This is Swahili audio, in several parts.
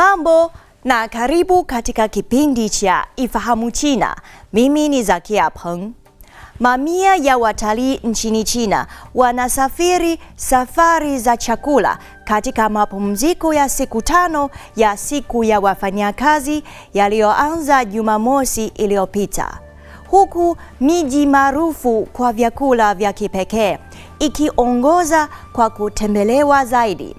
Mambo na karibu katika kipindi cha Ifahamu China. Mimi ni Zakia Peng. Mamia ya watalii nchini China wanasafiri safari za chakula katika mapumziko ya siku tano ya siku ya wafanyakazi yaliyoanza Jumamosi iliyopita, huku miji maarufu kwa vyakula vya kipekee ikiongoza kwa kutembelewa zaidi.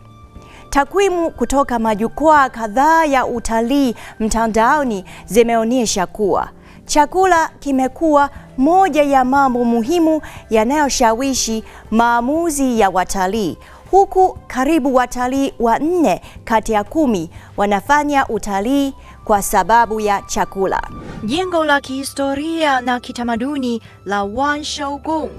Takwimu kutoka majukwaa kadhaa ya utalii mtandaoni zimeonyesha kuwa chakula kimekuwa moja ya mambo muhimu yanayoshawishi maamuzi ya watalii, huku karibu watalii wanne kati ya kumi wanafanya utalii kwa sababu ya chakula. Jengo la kihistoria na kitamaduni la Wanshaogung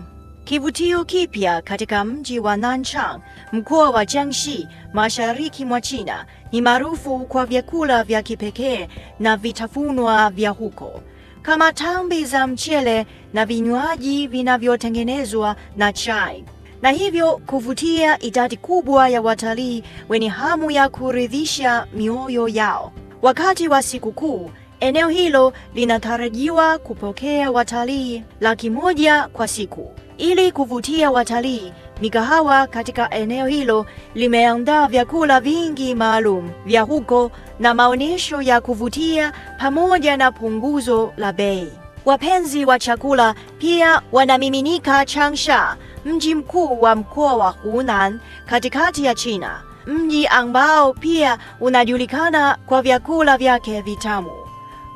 Kivutio kipya katika mji wa Nanchang, mkoa wa Jiangxi, mashariki mwa China, ni maarufu kwa vyakula vya kipekee na vitafunwa vya huko kama tambi za mchele na vinywaji vinavyotengenezwa na chai, na hivyo kuvutia idadi kubwa ya watalii wenye hamu ya kuridhisha mioyo yao. Wakati wa sikukuu, eneo hilo linatarajiwa kupokea watalii laki moja kwa siku. Ili kuvutia watalii, mikahawa katika eneo hilo limeandaa vyakula vingi maalum vya huko na maonyesho ya kuvutia pamoja na punguzo la bei. Wapenzi wa chakula pia wanamiminika Changsha, mji mkuu wa mkoa wa Hunan katikati ya China, mji ambao pia unajulikana kwa vyakula vyake vitamu.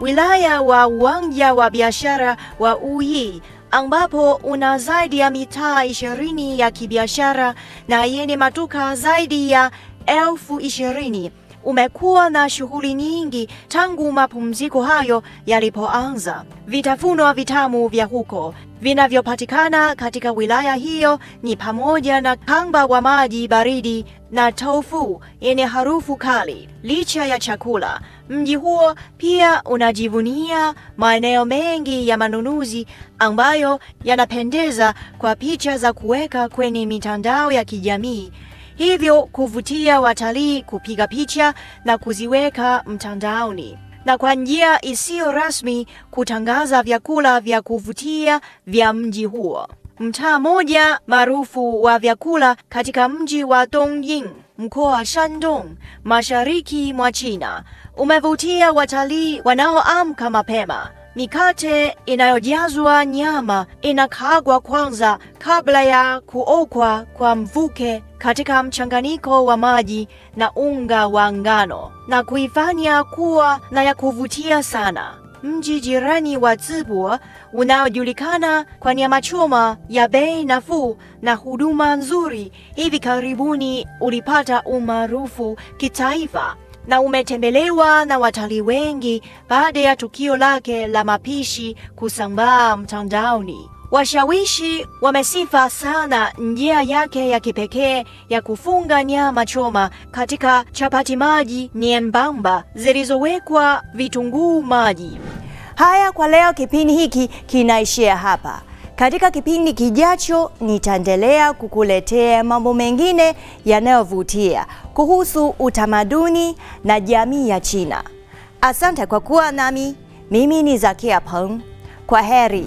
Wilaya wa uwanja wa biashara wa Uyi ambapo una zaidi ya mitaa ishirini ya kibiashara na yenye maduka zaidi ya elfu ishirini umekuwa na shughuli nyingi tangu mapumziko hayo yalipoanza. Vitafunwa vitamu vya huko vinavyopatikana katika wilaya hiyo ni pamoja na kamba wa maji baridi na tofu yenye harufu kali. Licha ya chakula, mji huo pia unajivunia maeneo mengi ya manunuzi ambayo yanapendeza kwa picha za kuweka kwenye mitandao ya kijamii hivyo kuvutia watalii kupiga picha na kuziweka mtandaoni na kwa njia isiyo rasmi kutangaza vyakula vya kuvutia vya mji huo. Mtaa mmoja maarufu wa vyakula katika mji wa Dongying, mkoa wa Shandong, mashariki mwa China, umevutia watalii wanaoamka mapema. Mikate inayojazwa nyama inakaagwa kwanza kabla ya kuokwa kwa mvuke katika mchanganyiko wa maji na unga wa ngano na kuifanya kuwa na ya kuvutia sana. Mji jirani wa Zibo unaojulikana kwa nyama choma ya bei nafuu na huduma nzuri, hivi karibuni ulipata umaarufu kitaifa na umetembelewa na watalii wengi baada ya tukio lake la mapishi kusambaa mtandaoni. Washawishi wamesifa sana njia yake ya kipekee ya kufunga nyama choma katika chapati maji nyembamba zilizowekwa vitunguu maji. Haya kwa leo, kipindi hiki kinaishia hapa. Katika kipindi kijacho nitaendelea kukuletea mambo mengine yanayovutia kuhusu utamaduni na jamii ya China. Asante kwa kuwa nami. Mimi ni Zakia Peng. Kwa heri.